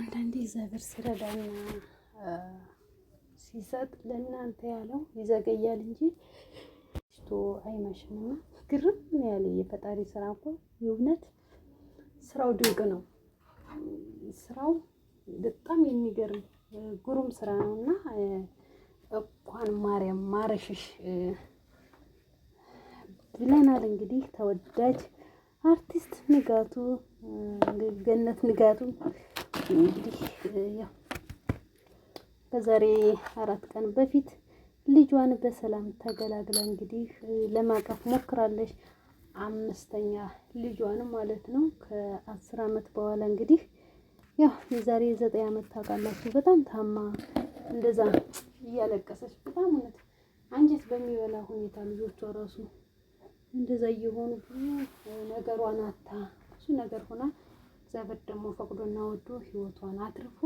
አንዳንዴ እግዚአብሔር ሲረዳና ሲሰጥ ለእናንተ ያለው ይዘገያል እንጂ ሽቶ አይመሽምና ግርም ያለ የፈጣሪ ስራ እኮ የእውነት ስራው ድንቅ ነው። ስራው በጣም የሚገርም ግሩም ስራ ነው እና እንኳን ማርያም ማረሽሽ ብለናል። እንግዲህ ተወዳጅ አርቲስት ንጋቱ ገነት ንጋቱ እንግዲህ ያው ከዛሬ አራት ቀን በፊት ልጇን በሰላም ተገላግላ እንግዲህ ለማቀፍ ሞክራለች። አምስተኛ ልጇን ማለት ነው። ከአስር አመት በኋላ እንግዲህ ያው የዛሬ ዘጠኝ አመት ታውቃላችሁ፣ በጣም ታማ እንደዛ እያለቀሰች በጣም እውነት አንጀት በሚበላ ሁኔታ ልጆቿ ራሱ እንደዛ እየሆኑ ብዙ ነገሯን አታ ብዙ ነገር ሆና እግዚአብሔር ደግሞ ፈቅዶና ወዶ ህይወቷን አትርፎ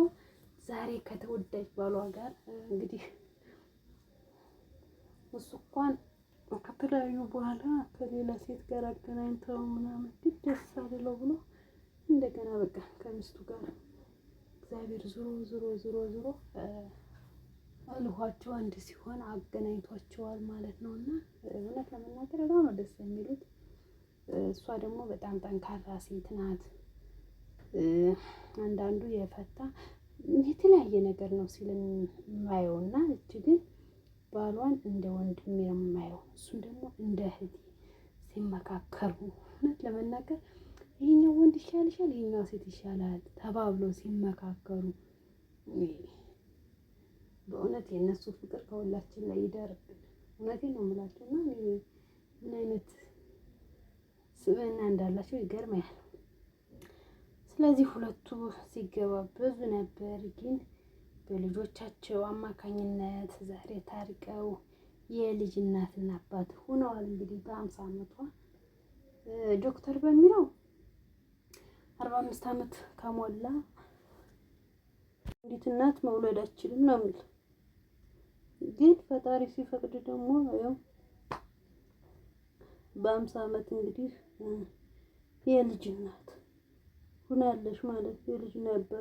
ዛሬ ከተወዳጅ ባሏ ጋር እንግዲህ እሱ እንኳን ከተለያዩ በኋላ ከሌላ ሴት ጋር አገናኝተው ምናምን ግን ደስ አልለው ብሎ እንደገና በቃ ከሚስቱ ጋር እግዚአብሔር ዞሮ ዞሮ ዞሮ ዞሮ አልኋቸው አንድ ሲሆን አገናኝቷቸዋል ማለት ነው። እና እውነት ለመናገር በጣም ደስ የሚሉት። እሷ ደግሞ በጣም ጠንካራ ሴት ናት። አንዳንዱ የፈታ የተለያየ ነገር ነው ሲል የማየው እና እች ግን ባሏን እንደ ወንድም የማየው እሱን ደግሞ እንደ እህት ሲመካከሩ እውነት ለመናገር ይሄኛው ወንድ ይሻልሻል፣ ይሄኛው ሴት ይሻላል ተባብሎ ሲመካከሩ በእውነት የእነሱ ፍቅር ከሁላችን ላይ ይደርብን። እውነቴ ነው የምላቸው እና ምን አይነት ስብዕና እንዳላቸው ይገርመያል ስለዚህ ሁለቱ ሲገባበዙ ነበር። ግን በልጆቻቸው አማካኝነት ዛሬ ታርቀው የልጅ እናትና አባት ሆነዋል። እንግዲህ በሀምሳ ዓመቷ ዶክተር በሚለው አርባ አምስት ዓመት ከሞላ እንዴት እናት መውለድ አችልም ነው የሚል ግን ፈጣሪ ሲፈቅድ ደግሞ ያው በሀምሳ ዓመት እንግዲህ የልጅ እናት ሁናለሽ ማለት የልጁ ነበር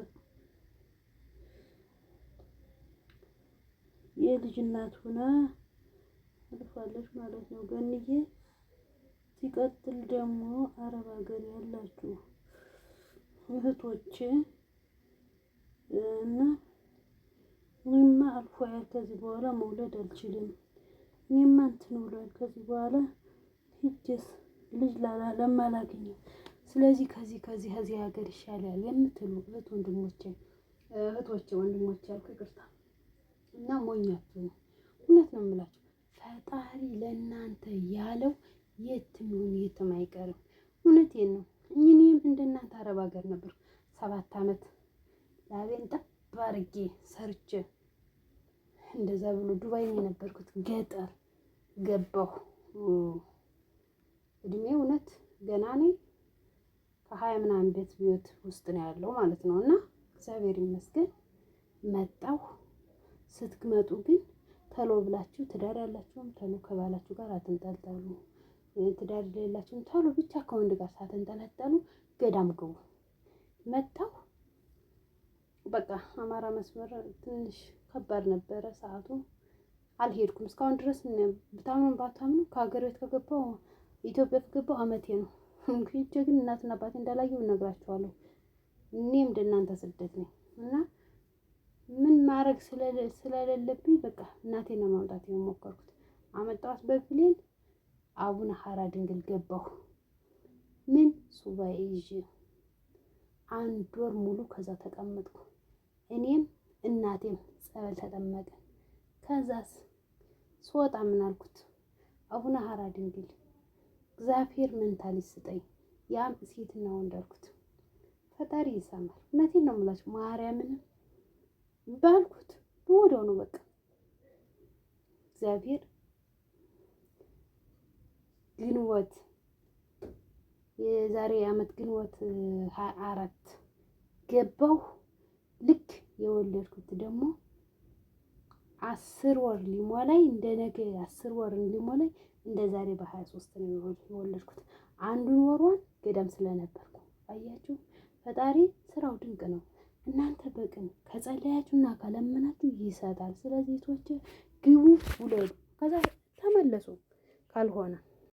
የልጅ እናት ሁና አልፋለች ማለት ነው። ገንዬ ሲቀጥል ደግሞ አረብ ሀገር ያላችሁ እህቶች እና እኔማ አልፎያል ከዚህ በኋላ መውለድ አልችልም፣ እኔማ እንትን ብሏል ከዚህ በኋላ ሂጅስ ልጅ ላላ ለማላገኘ ስለዚህ ከዚህ ከዚህ ከዚህ ሀገር ይሻላል የምትሉ እህት ወንድሞቼ እህቶቼ ወንድሞቼ ያልኩ ይቅርታ እና ሞኛችሁ ነው። እውነት ነው የምላችሁ ፈጣሪ ለእናንተ ያለው የትም ይሁን የትም አይቀርም። እውነቴን ነው። እኔም እንደናንተ አረብ ሀገር ነበር ሰባት አመት ላቤን ጠብ አድርጌ ሰርቼ እንደዛ ብሎ ዱባይ የነበርኩት። ገጠር ገባሁ። እድሜ እውነት ገና ነኝ ከሀያ ምናምን ቤት ቤት ውስጥ ነው ያለው ማለት ነው። እና እግዚአብሔር ይመስገን መጣሁ። ስትመጡ ግን ተሎ ብላችሁ ትዳር ያላችሁም ተሎ ከባላችሁ ጋር አትንጠልጠሉ። ትዳር የሌላችሁም ተሎ ብቻ ከወንድ ጋር ሳትንጠለጠሉ ገዳም ግቡ። መጣሁ በቃ አማራ መስመር ትንሽ ከባድ ነበረ ሰዓቱ። አልሄድኩም እስካሁን ድረስ ብታምኑ ባታምኑ ከሀገር ቤት ከገባሁ ኢትዮጵያ ከገባሁ አመቴ ነው። ሄጄ ግን እናትና አባቴ እንዳላየሁ እነግራቸዋለሁ። እኔም እንደናንተ ስደት ነው እና ምን ማድረግ ስለሌለብኝ በቃ እናቴን ለማምጣት የሞከርኩት አመጣዋት በፊሌን አቡነ ሀራ ድንግል ገባሁ። ምን ሱባኤ ይዤ አንድ ወር ሙሉ ከዛ ተቀመጥኩ። እኔም እናቴም ጸበል ተጠመቅን። ከዛስ ስወጣ ምን አልኩት አቡነ ሀራ ድንግል እግዚአብሔር መንታሊት ስጠኝ። ያም ሴትና ወንድ አልኩት። ፈጣሪ ይሰማል። እውነቴን ነው የምላችሁ። ማርያምን ባልኩት ወዲያው ነው በቃ እግዚአብሔር ግንቦት የዛሬ አመት ግንቦት ሀያ አራት ገባሁ ልክ የወለድኩት ደግሞ አስር ወር ሊሞላኝ እንደ ነገ አስር ወር ሊሞላኝ እንደ ዛሬ በሀያ ሶስት ነው የወለድኩት። አንዱን ወሯን ገዳም ስለነበርኩ አያችሁ፣ ፈጣሪ ስራው ድንቅ ነው። እናንተ በቅን ከጸለያችሁና ከለመናችሁ ይሰጣል። ስለዚህ ግቡ፣ ውለዱ፣ ከዛ ተመለሱ ካልሆነ